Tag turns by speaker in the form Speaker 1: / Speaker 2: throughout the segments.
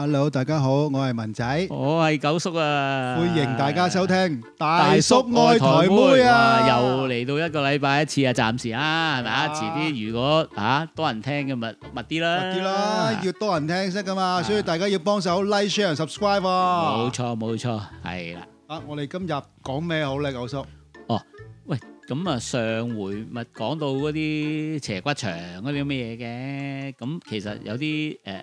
Speaker 1: hello，大家好，我係文仔，我
Speaker 2: 係九叔啊！歡迎大家收聽《
Speaker 1: 大叔愛台妹》啊！又
Speaker 2: 嚟到一個禮拜一次啊，暫時啦，係咪啊？遲啲如果吓多人聽嘅，密密啲啦，密啲啦，
Speaker 1: 越多人聽先得噶嘛！所以大家要幫手 like、share、subscribe。冇
Speaker 2: 錯，冇錯，係啦。啊，我哋今日講咩好咧？九叔，哦，喂，咁啊，上回咪講到嗰啲邪骨牆嗰啲咩嘢嘅？咁其實有啲誒誒。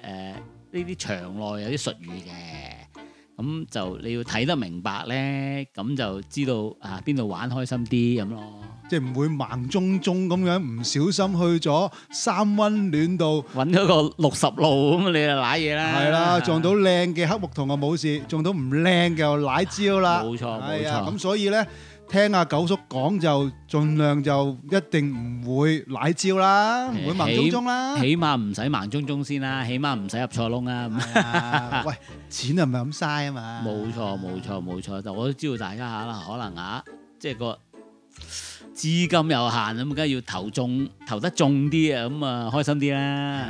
Speaker 2: 呢啲場內有啲術語嘅，咁就你要睇得明白咧，咁就
Speaker 1: 知道啊邊度玩開心啲咁咯，即係唔會盲中中咁樣唔小心去咗三溫暖度揾咗個六十路咁，你就瀨嘢啦。係啦，撞到靚嘅黑木瞳就冇事，撞到唔靚嘅就揦蕉啦。冇錯，冇錯。咁、哎、所以咧。聽阿九叔講就盡量就一定唔會奶
Speaker 2: 招啦，唔會盲中中啦。起起碼唔使盲中中先啦，起碼唔使入錯窿啊！喂，錢係唔係咁嘥啊嘛。冇錯冇錯冇錯，但係我都知道大家吓啦，可能啊，即係個資金有限啊，咁梗係要投中投得中啲啊，咁啊開心啲啦。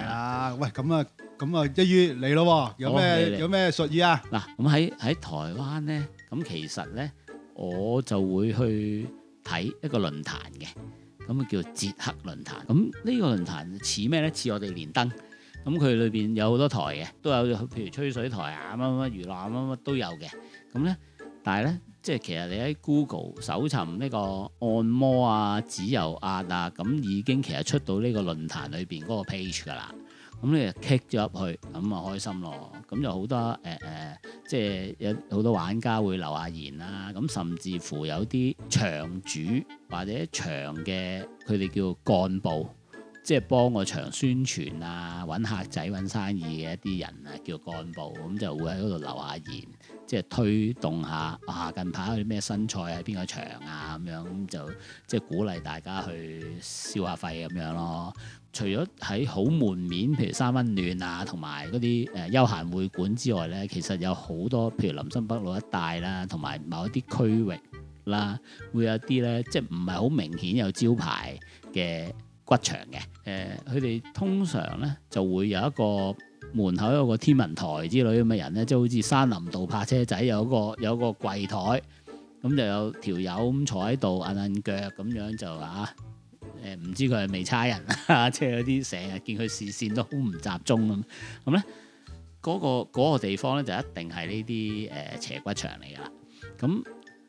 Speaker 2: 係啊，喂，咁啊咁啊，一於嚟咯，
Speaker 1: 有咩有
Speaker 2: 咩術語啊？嗱，咁喺喺台灣咧，咁其實咧。我就會去睇一個論壇嘅，咁啊叫做捷克論壇。咁呢個論壇似咩呢？似我哋連登。咁佢裏邊有好多台嘅，都有譬如吹水台啊、乜乜乜娛樂乜乜都有嘅。咁呢，但係呢，即係其實你喺 Google 搜尋呢個按摩啊、指油壓啊，咁已經其實出到呢個論壇裏邊嗰個 page 㗎啦。咁你就 kick 咗入去，咁啊開心咯，咁就好多誒誒、呃呃，即係有好多玩家會留下言啦、啊，咁甚至乎有啲場主或者場嘅佢哋叫幹部。即係幫個場宣傳啊，揾客仔、揾生意嘅一啲人啊，叫幹部，咁就會喺嗰度留下言，即係推動下。啊，近排有啲咩新菜喺邊個場啊？咁樣咁就即係鼓勵大家去消下費咁樣咯。除咗喺好門面，譬如三溫暖啊，同埋嗰啲誒休閒會館之外咧，其實有好多譬如林森北路一帶啦，同埋某一啲區域啦，會有啲咧，即係唔係好明顯有招牌嘅骨場嘅，誒佢哋通常咧就會有一個門口有一個天文台之類咁嘅人咧，即係好似山林道泊車仔有個有個櫃台，咁就有條友咁坐喺度揞揞腳咁樣就，啊誒，唔知佢係未差人啊，呃、 即係嗰啲成日見佢視線都好唔集中咁咁咧，嗰、嗰個嗰個地方咧就一定係呢啲誒斜骨場嚟噶啦。咁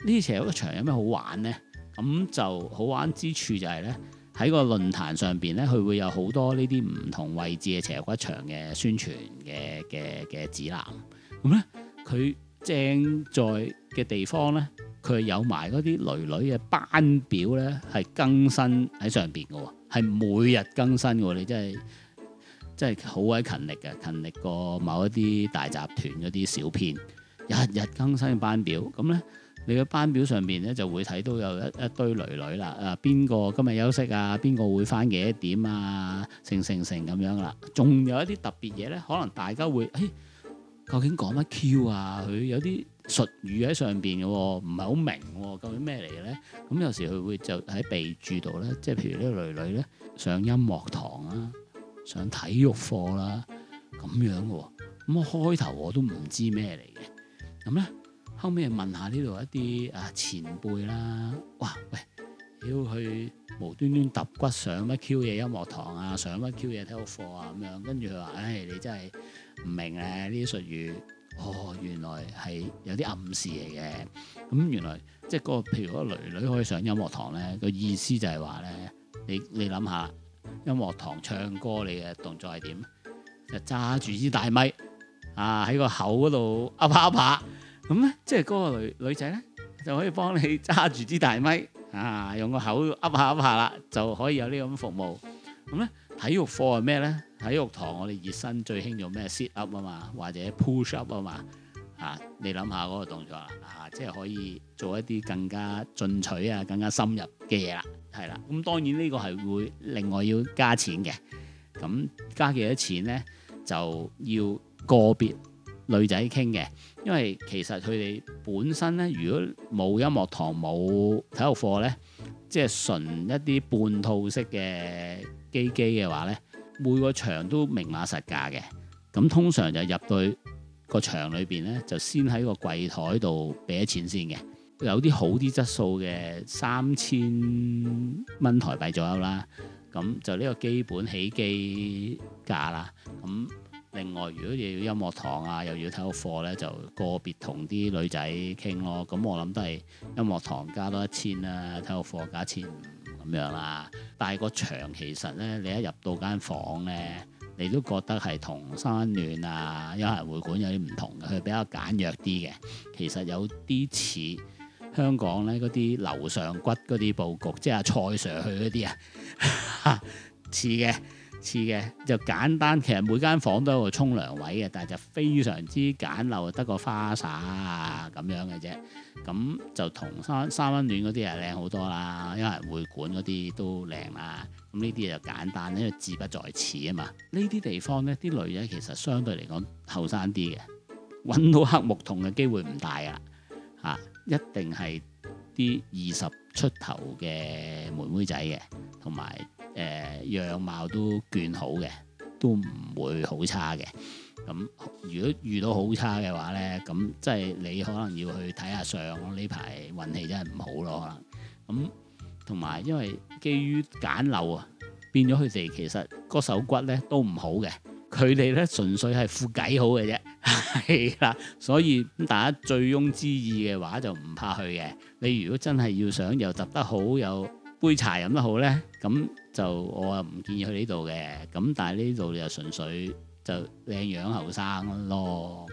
Speaker 2: 呢斜骨場有咩好玩咧？咁就好玩之處就係咧。喺個論壇上邊咧，佢會有好多呢啲唔同位置嘅邪骨場嘅宣傳嘅嘅嘅指南。咁、嗯、咧，佢正在嘅地方咧，佢有埋嗰啲女女嘅班表咧，係更新喺上邊嘅喎，係每日更新嘅喎。你真係真係好鬼勤力嘅，勤力過某一啲大集團嗰啲小編，日日更新班表。咁、嗯、咧。你個班表上面咧就會睇到有一一堆女女啦，啊邊個今日休息啊？邊個會返幾點啊？成成成咁樣啦。仲有一啲特別嘢咧，可能大家會，哎，究竟講乜 Q 啊？佢有啲術語喺上邊嘅喎，唔係好明，究竟咩嚟嘅咧？咁、嗯、有時佢會就喺備註度咧，即係譬如呢個女女咧，上音樂堂啦，上體育課啦，咁樣嘅喎。咁、嗯、我開頭我都唔知咩嚟嘅，咁、嗯、咧。後尾問下呢度一啲啊前輩啦，哇！喂，要去無端端揼骨上乜 Q 嘢音樂堂啊，上乜 Q 嘢體育課啊咁樣，跟住佢話，唉、哎，你真係唔明啊，呢啲術語。哦，原來係有啲暗示嚟嘅。咁原來即係嗰個譬如嗰個囡囡可以上音樂堂咧，個意思就係話咧，你你諗下，音樂堂唱歌你嘅動作係點？就揸住支大咪啊，喺個口嗰度啊啪啊啪。咁咧，即係嗰個女女仔咧，就可以幫你揸住支大咪啊，用個口噏下噏下啦，就可以有呢種服務。咁咧，體育課係咩咧？體育堂我哋熱身最興做咩 sit up 啊嘛，或者 push up 啊嘛。啊，你諗下嗰個動作啦，啊，即係可以做一啲更加進取啊、更加深入嘅嘢啦，係啦。咁當然呢個係會另外要加錢嘅，咁加幾多錢咧，就要個別女仔傾嘅，因為其實佢哋本身呢，如果冇音樂堂冇體育課呢，即係純一啲半套式嘅機機嘅話呢，每個場都明碼實價嘅。咁通常就入到去個場裏邊呢，就先喺個櫃台度俾咗錢先嘅。有啲好啲質素嘅三千蚊台幣左右啦，咁就呢個基本起機價啦。咁另外，如果又要音樂堂啊，又要體育課呢，就個別同啲女仔傾咯。咁我諗都係音樂堂加多一千啦，體育課加一千五咁樣啦。但係個場其實呢，你一入到間房呢，你都覺得係同三溫暖啊、休閒會館有啲唔同嘅，佢比較簡約啲嘅。其實有啲似香港呢嗰啲樓上骨嗰啲佈局，即係蔡 Sir 去嗰啲啊，似 嘅。似嘅就簡單，其實每間房間都有個沖涼位嘅，但係就非常之簡陋，得個花灑啊咁樣嘅啫。咁就同三三溫暖嗰啲係靚好多啦，因為會館嗰啲都靚啦。咁呢啲嘢就簡單，因為志不在此啊嘛。呢啲地方呢啲女人其實相對嚟講後生啲嘅，揾到黑木桶嘅機會唔大啊。嚇，一定係啲二十出頭嘅妹妹仔嘅，同埋。誒、呃、樣貌都鍵好嘅，都唔會好差嘅。咁、嗯、如果遇到好差嘅話呢，咁、嗯、即係你可能要去睇下相。呢排運氣真係唔好咯，可能。咁同埋因為基於簡陋啊，變咗佢哋其實個手骨呢都唔好嘅。佢哋呢純粹係副幾好嘅啫，係 啦。所以大家醉翁之意嘅話就唔怕去嘅。你如果真係要想又揼得好又杯茶飲得好咧，咁就我啊唔建議去呢度嘅。咁但係呢度你就純粹就靚樣後生咯。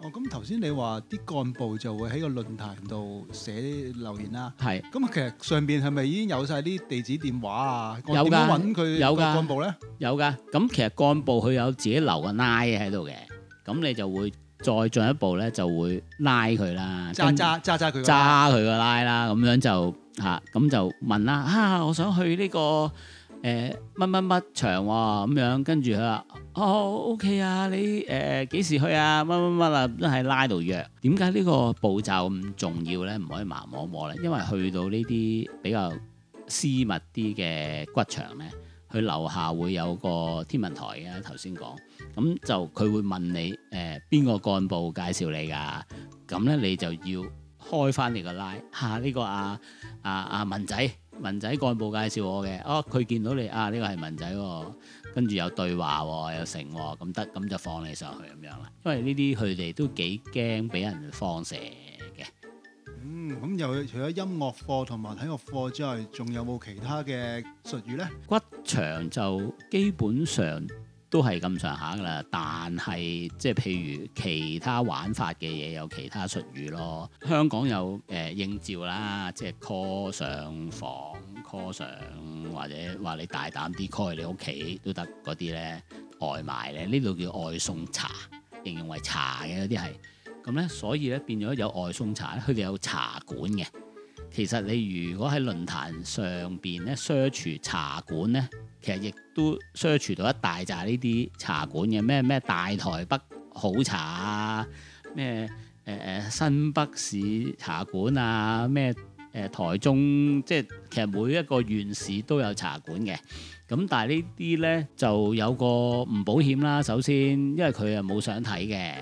Speaker 1: 咁哦，咁頭先你話啲幹部就會喺個論壇度寫留言啦。係。咁其實上邊係咪已經有曬啲地址電話啊？有㗎。點樣揾佢？有個幹部咧。
Speaker 2: 有㗎。咁其實幹部佢有自己留個拉喺度嘅，咁你就會再進一步咧，就會拉佢啦。揸揸揸揸佢。揸佢個拉啦，咁樣就。嚇，咁、啊、就問啦嚇、啊，我想去呢、這個誒乜乜乜場喎咁樣，跟住佢話哦 OK 啊，你誒幾、呃、時去啊？乜乜乜啦，都係拉到約。點解呢個步驟咁重要咧？唔可以盲摸摸咧，因為去到呢啲比較私密啲嘅骨場咧，佢樓下會有個天文台嘅。頭先講咁就佢會問你誒邊、呃、個幹部介紹你㗎，咁咧你就要。開翻嚟、啊這個 line，i 呢個阿阿阿文仔文仔幹部介紹我嘅，哦、啊、佢見到你啊，呢、這個係文仔喎、哦，跟住有對話喎、哦，有成喎、哦，咁得咁就放你上去咁樣啦。因為呢啲佢哋都幾驚俾人放蛇嘅、嗯。
Speaker 1: 嗯，咁又除咗音樂堂同埋體育堂之外，仲有冇其他嘅術語咧？骨
Speaker 2: 場就基本上。都係咁上下㗎啦，但係即係譬如其他玩法嘅嘢有其他術語咯。香港有誒、呃、應照應召啦，即係 call 上房 call 上，或者話你大膽啲 call 去你屋企都得嗰啲咧，外賣咧，呢度叫外送茶，形容為茶嘅嗰啲係咁咧，所以咧變咗有外送茶咧，佢哋有茶館嘅。其實你如果喺論壇上邊咧 search 茶館咧，其實亦都 search 到一大扎呢啲茶館嘅，咩咩大台北好茶啊，咩誒誒新北市茶館啊，咩誒、呃、台中即係其實每一個縣市都有茶館嘅，咁但係呢啲咧就有個唔保險啦，首先因為佢又冇相睇嘅。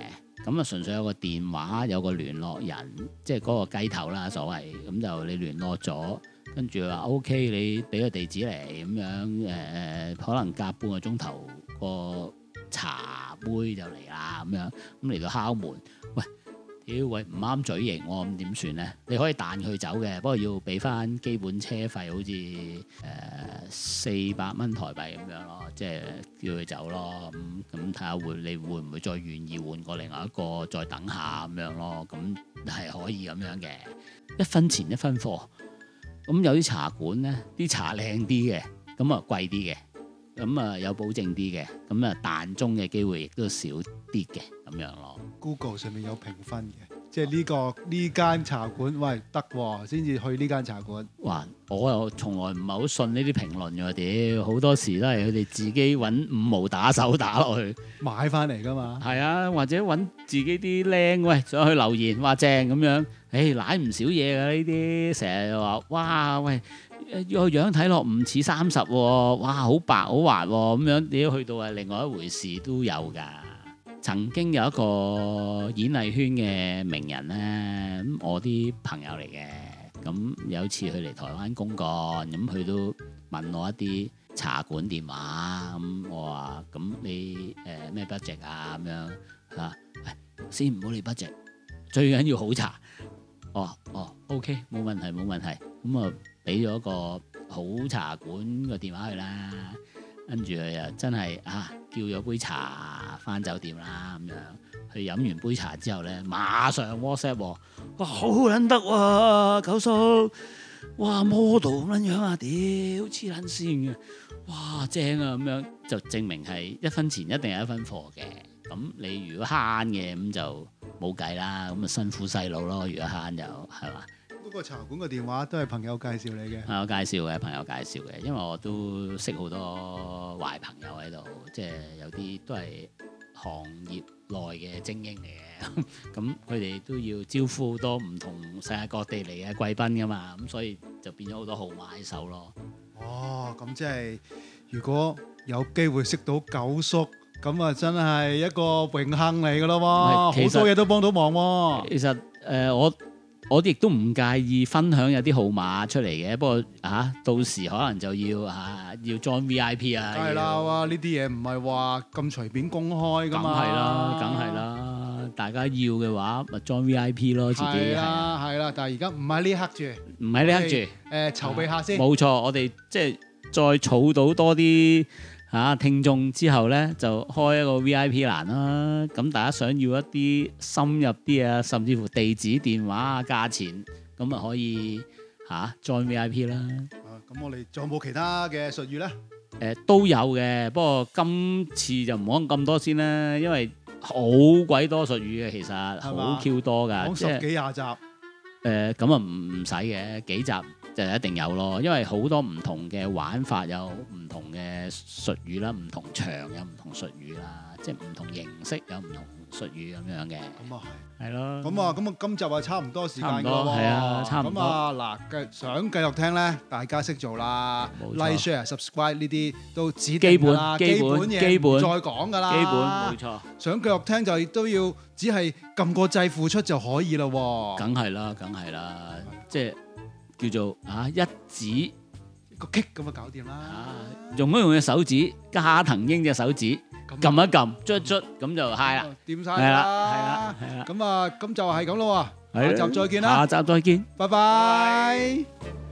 Speaker 2: 咁啊，純粹有個電話，有個聯絡人，即係嗰個雞頭啦，所謂咁就你聯絡咗，跟住話 OK，你俾個地址嚟，咁樣誒、呃，可能隔半個鐘頭個茶杯就嚟啦，咁樣咁嚟到敲門，喂。咦、哎、喂，唔啱嘴型我咁點算呢？你可以彈佢走嘅，不過要俾翻基本車費，好似誒四百蚊台幣咁樣咯，即係叫佢走咯。咁咁睇下會你會唔會再願意換過另外一個，再等下咁樣咯。咁、嗯、係可以咁樣嘅，一分錢一分貨。咁有啲茶館呢，啲茶靚啲嘅，咁啊貴啲嘅。咁啊、嗯、有保證啲嘅，咁啊彈中嘅機會亦都少啲嘅咁樣咯。
Speaker 1: Google 上面有評分嘅，即係呢、呢個呢間、嗯、茶館，喂得喎先至去呢間茶館。
Speaker 2: 哇！我又從來唔係好信呢啲評論㗎，屌好多時都係佢哋自己揾五毛打手打落去
Speaker 1: 買翻嚟㗎嘛。
Speaker 2: 係啊，或者揾自己啲靚喂上去留言話正咁樣，誒奶唔少嘢㗎呢啲，成日話哇喂。個樣睇落唔似三十喎，哇，好白好滑咁、哦、樣，你去到係另外一回事都有㗎。曾經有一個演藝圈嘅名人咧，咁我啲朋友嚟嘅，咁有一次佢嚟台灣公幹，咁佢都問我一啲茶館電話，咁我話：咁你誒咩 budget 啊？咁樣啊，先唔好理 budget，最緊要好茶。哦哦，OK，冇問題冇問題，咁啊。俾咗個好茶館個電話佢啦，跟住佢又真係啊叫咗杯茶翻酒店啦咁樣，去飲完杯茶之後咧，馬上 WhatsApp，啊，哇好撚得喎，啊，九叔，哇 model 咁樣啊，屌黐撚線嘅，哇正啊咁樣，就證明係一分錢一定係一分貨嘅。咁你如果慳嘅咁就冇計啦，咁啊辛苦細路咯，如果慳就係嘛。
Speaker 1: 嗰個茶館嘅電話都係朋友介紹你嘅，朋友介紹嘅，朋友介紹嘅，
Speaker 2: 因為我都識好多壞朋友喺度，即係有啲都係行業內嘅精英嚟嘅，咁佢哋都要招呼好多唔同世界各地嚟嘅貴賓㗎嘛，咁所以就變咗好多號碼喺手咯。
Speaker 1: 哦，咁即係如果有機會識到九叔，咁啊真係一個榮幸嚟㗎咯喎，好多嘢
Speaker 2: 都幫到忙喎。其實誒我我哋亦都唔介意分享有啲號碼出嚟嘅，不過嚇到時可能就要啊要 join VIP 啊。梗係啦，
Speaker 1: 哇！呢啲嘢唔係話咁隨便公開噶嘛。梗係啦，梗係啦，大家要嘅話咪 join VIP 咯，自己係啊係啦，但係而家唔係呢刻住，
Speaker 2: 唔係呢刻住，誒
Speaker 1: 籌備下先。冇
Speaker 2: 錯，我哋即係再儲到多啲。啊！聽眾之後咧，就開一個 VIP 欄啦。咁、啊、大家想要一啲深入啲啊，甚至乎地址、電話啊、價錢，咁啊可以嚇 join、啊、VIP 啦。咁、
Speaker 1: 啊、我哋仲有冇其他嘅術語咧？
Speaker 2: 誒、呃、都有嘅，不過今次就唔講咁多先啦，因為好鬼多術語嘅，其實好 Q 吧多㗎，講十幾廿集。誒咁啊，唔唔使嘅幾集。就一定有咯，因為好多唔同嘅玩法有唔同嘅術語啦，唔同場有唔同術語啦，即係唔同形式有唔同術語咁
Speaker 1: 樣嘅。咁啊係，係咯。咁啊，咁啊，今集啊差唔多時間㗎喎。係啊，差唔多。咁啊嗱，想繼續聽咧，大家識做啦，like share subscribe 呢啲都基本基本嘢，再講㗎啦。基本冇錯。想繼續聽就都要只係撳個掣付出就可以啦喎。梗係啦，梗係啦，即係。叫做啊一指一個擊咁啊搞掂啦！用一用隻手
Speaker 2: 指，加藤鷹隻手指，撳一撳，
Speaker 1: 捽一捽，咁就 high 啦！掂曬啦！係啦，係啦，咁啊，咁就係咁咯喎！下集再見啦！下集再見，拜拜。